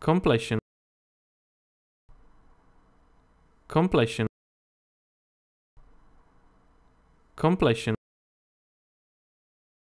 completion completion completion